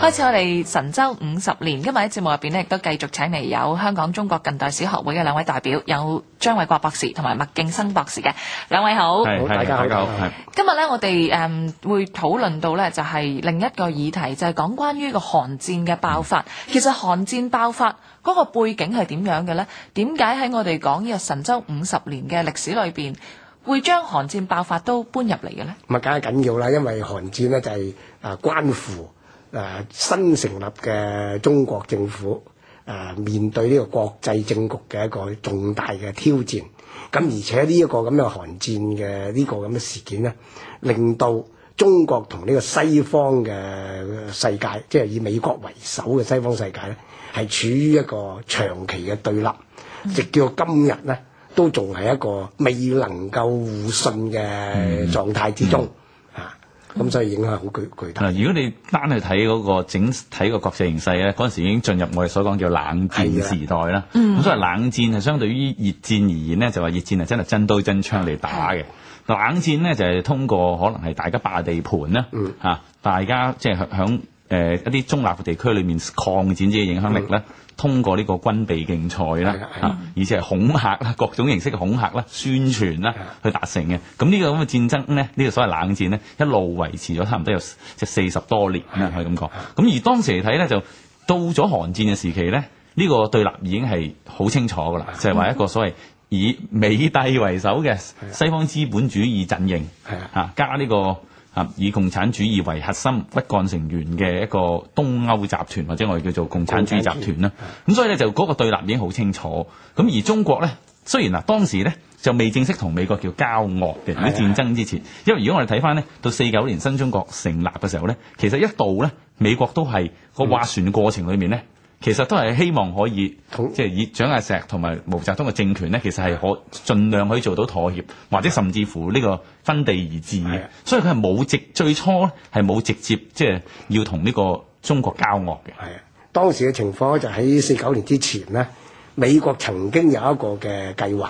開始，我哋神州五十年，今日喺節目入邊咧，亦都繼續請嚟有香港中國近代史學會嘅兩位代表，有張偉國博士同埋麥敬生博士嘅兩位好。是好，大家好。今日呢，我哋誒、嗯、會討論到呢，就係、是、另一個議題，就係、是、講關於個韓戰嘅爆發。嗯、其實韓戰爆發嗰個背景係點樣嘅呢？點解喺我哋講呢個神州五十年嘅歷史裏邊，會將韓戰爆發都搬入嚟嘅呢？咁啊，梗係緊要啦，因為韓戰呢，就係啊關乎。誒、呃、新成立嘅中國政府誒、呃、面對呢個國際政局嘅一個重大嘅挑戰，咁、呃、而且呢一個咁樣韓戰嘅呢、這個咁嘅事件咧，令到中國同呢個西方嘅世界，即係以美國為首嘅西方世界咧，係處於一個長期嘅對立，嗯、直到今日咧都仲係一個未能夠互信嘅狀態之中。嗯嗯咁、嗯、就係影響好巨巨大、嗯。如果你單去睇嗰、嗰個整、睇個國際形勢呢，嗰陣時已經進入我哋所講叫冷戰時代啦。咁所以冷戰係相對於熱戰而言呢，就話熱戰係真係真刀真槍嚟打嘅，的冷戰呢就係、是、通過可能係大家霸地盤啦、嗯啊，大家即係響。就是誒、呃、一啲中立地區裏面擴展自己嘅影響力咧，嗯、通過呢個軍備競賽啦，啊，而且係恐嚇啦，各種形式嘅恐嚇啦、宣傳啦，去達成嘅。咁呢個咁嘅戰爭咧，呢個所謂冷戰咧，一路維持咗差唔多有即係四十多年，可以咁講。咁而當時嚟睇咧，就到咗韓戰嘅時期咧，呢個對立已經係好清楚㗎啦，的就係話一個所謂以美帝為首嘅西方資本主義陣營，啊，加呢個。啊！以共產主義為核心骨幹成員嘅一個東歐集團，或者我哋叫做共產主義集團啦。咁所以咧，就嗰個對立已經好清楚。咁而中國咧，雖然嗱當時咧就未正式同美國叫交惡嘅，喺戰爭之前，因為如果我哋睇翻呢，到四九年新中國成立嘅時候咧，其實一度咧美國都係個劃船過程裏面咧。其實都係希望可以，即係以蔣介石同埋毛澤東嘅政權咧，其實係可盡量可以做到妥協，或者甚至乎呢個分地而治嘅。係嘅。所以佢係冇直最初咧係冇直接即係要同呢個中國交惡嘅。係啊，當時嘅情況就喺四九年之前咧，美國曾經有一個嘅計劃，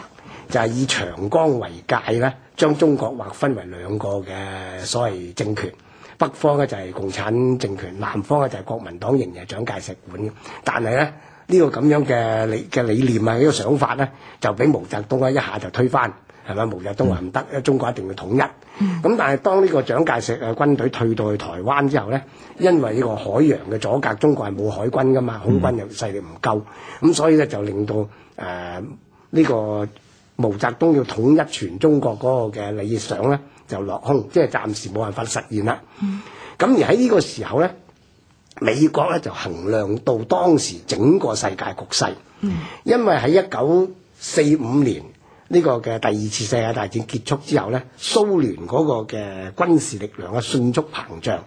就係以長江為界咧，將中國劃分為兩個嘅所謂政權。北方嘅就係共產政權，南方嘅就係國民黨仍然係蔣介石管嘅。但係咧，呢、這個咁樣嘅理嘅理念啊，呢、這個想法咧，就俾毛澤東咧一下就推翻，係咪啊？毛澤東話唔得，嗯、中國一定要統一。咁、嗯、但係當呢個蔣介石嘅軍隊退到去台灣之後咧，因為呢個海洋嘅阻隔，中國係冇海軍噶嘛，空軍又勢力唔夠，咁、嗯、所以咧就令到誒呢、呃這個毛澤東要統一全中國嗰個嘅理想咧。就落空，即係暫時冇辦法實現啦。咁、嗯、而喺呢個時候咧，美國咧就衡量到當時整個世界局勢，嗯、因為喺一九四五年呢、呢個嘅第二次世界大戰結束之後咧，蘇聯嗰個嘅軍事力量啊，迅速膨脹。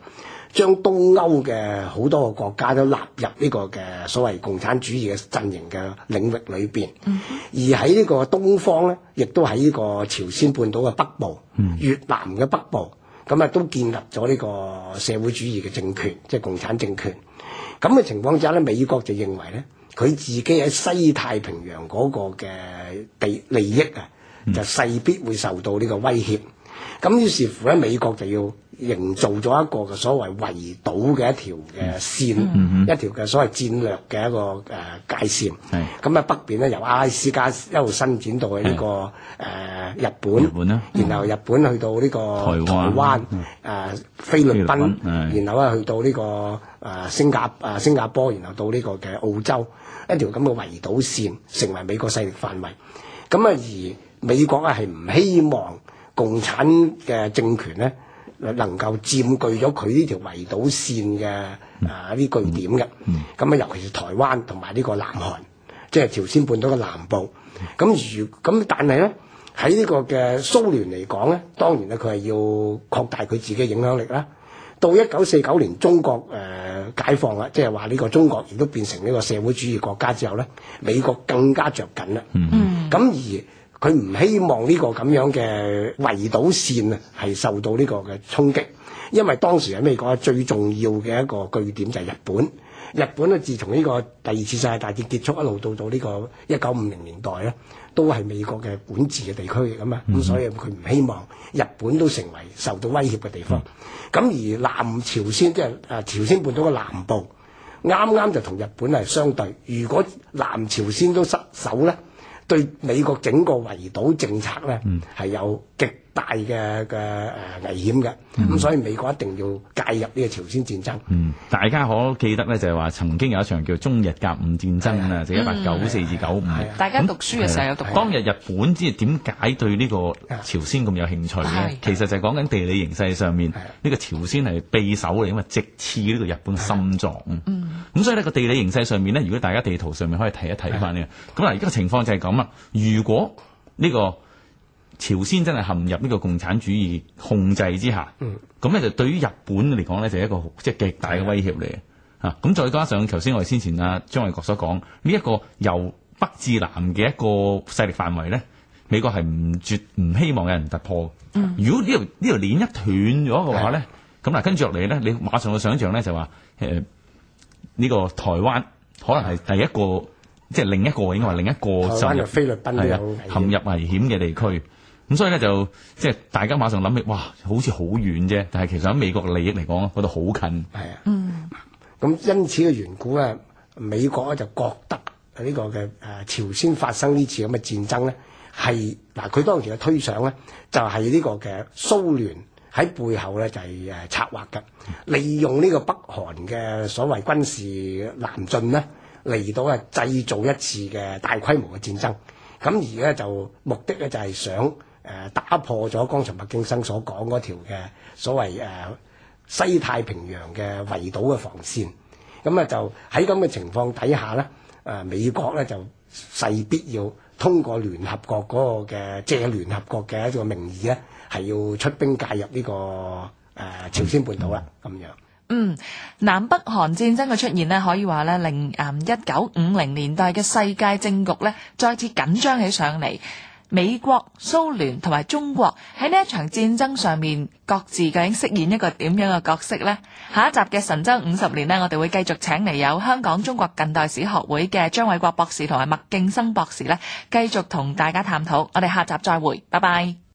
將東歐嘅好多個國家都納入呢個嘅所謂共產主義嘅陣營嘅領域裏邊，嗯、而喺呢個東方咧，亦都喺呢個朝鮮半島嘅北部、嗯、越南嘅北部，咁啊都建立咗呢個社會主義嘅政權，即係共產政權。咁嘅情況之下咧，美國就認為咧，佢自己喺西太平洋嗰個嘅地利益啊，就勢必會受到呢個威脅。嗯咁於是乎咧，美國就要營造咗一個嘅所謂圍堵嘅一條嘅線，嗯嗯嗯、一條嘅所謂戰略嘅一個界線。咁啊是，北邊咧由阿拉斯加一路伸展到去、這、呢個是、呃、日本，日本然後日本去到呢個台灣，台灣、呃，菲律賓，律賓是然後咧去到呢、這個誒星、呃、加誒新加坡，然後到呢個嘅澳洲，一條咁嘅圍堵線成為美國勢力範圍。咁啊，而美國啊係唔希望。共產嘅政權咧，能夠佔據咗佢呢條圍堵線嘅啊啲據點嘅，咁啊尤其是台灣同埋呢個南韓，即係朝鮮半島嘅南部。咁如咁，但係咧喺呢個嘅蘇聯嚟講咧，當然咧佢係要擴大佢自己嘅影響力啦。到一九四九年中國誒解放啦，即係話呢個中國亦都變成呢個社會主義國家之後咧，美國更加着緊啦。嗯，咁而。佢唔希望呢個咁樣嘅圍堵線啊，係受到呢個嘅衝擊，因為當時係美國啊，最重要嘅一個據點就係日本，日本呢自從呢個第二次世界大戰結束一路到到呢個一九五零年代咧，都係美國嘅管治嘅地區咁咁、嗯、所以佢唔希望日本都成為受到威脅嘅地方。咁、嗯、而南朝鮮即係誒朝鮮半島嘅南部，啱啱就同日本係相對。如果南朝鮮都失守咧，對美國整個圍堵政策，咧，嗯，係有極大嘅嘅誒危險嘅，咁所以美國一定要介入呢個朝鮮戰爭。嗯，大家可記得呢，就係話曾經有一場叫中日甲午戰爭啊，就一八九四至九五。大家讀書嘅時候有讀。當日日本即係點解對呢個朝鮮咁有興趣呢？其實就係講緊地理形勢上面，呢個朝鮮係匕首嚟，因為直刺呢個日本心臟。咁所以呢個地理形勢上面呢，如果大家地圖上面可以睇一睇翻呢。咁啊而家個情況就係咁啦。如果呢個朝鮮真係陷入呢個共產主義控制之下，咁呢、嗯、就對於日本嚟講呢，就係一個即係極大嘅威脅嚟嘅嚇。咁再加上頭先我哋先前啊張衛國所講，呢、這、一個由北至南嘅一個勢力範圍呢，美國係唔絕唔希望有人突破。嗯、如果呢條呢條鏈一斷咗嘅話呢咁嗱跟住落嚟呢，你馬上去想像呢，就話呢、呃這個台灣可能係第一個、嗯、即係另一個應該話另一個陷灣入菲律賓險、啊、陷入危險嘅地區。咁所以咧就即係大家馬上諗起，哇！好似好遠啫，但係其實喺美國嘅利益嚟講，嗰度好近。係啊，嗯。咁因此嘅緣故咧，美國咧就覺得呢、呢個嘅誒朝鮮發生呢次咁嘅戰爭咧，係嗱佢當時嘅推想咧，就係、係、呢個嘅蘇聯喺背後咧就係、係、誒策劃嘅，利用呢個北韓嘅所謂軍事南進呢，嚟到誒製造一次嘅大規模嘅戰爭。咁而家就目的咧就係想。誒打破咗剛才麥京生所講嗰條嘅所謂誒、啊、西太平洋嘅圍島嘅防線，咁啊就喺咁嘅情況底下咧，誒、啊、美國呢就勢必要通過聯合國嗰個嘅借聯合國嘅一個名義呢係要出兵介入呢、這個誒、啊、朝鮮半島啦，咁樣。嗯，南北韓戰爭嘅出現呢，可以話呢，令一九五零年代嘅世界政局呢再次緊張起上嚟。美國、蘇聯同埋中國喺呢一場戰爭上面，各自究竟飾演一個點樣嘅角色呢？下一集嘅《神州五十年》呢，我哋會繼續請嚟有香港中國近代史學會嘅張偉國博士同埋麥敬生博士呢，繼續同大家探討。我哋下集再會，拜拜。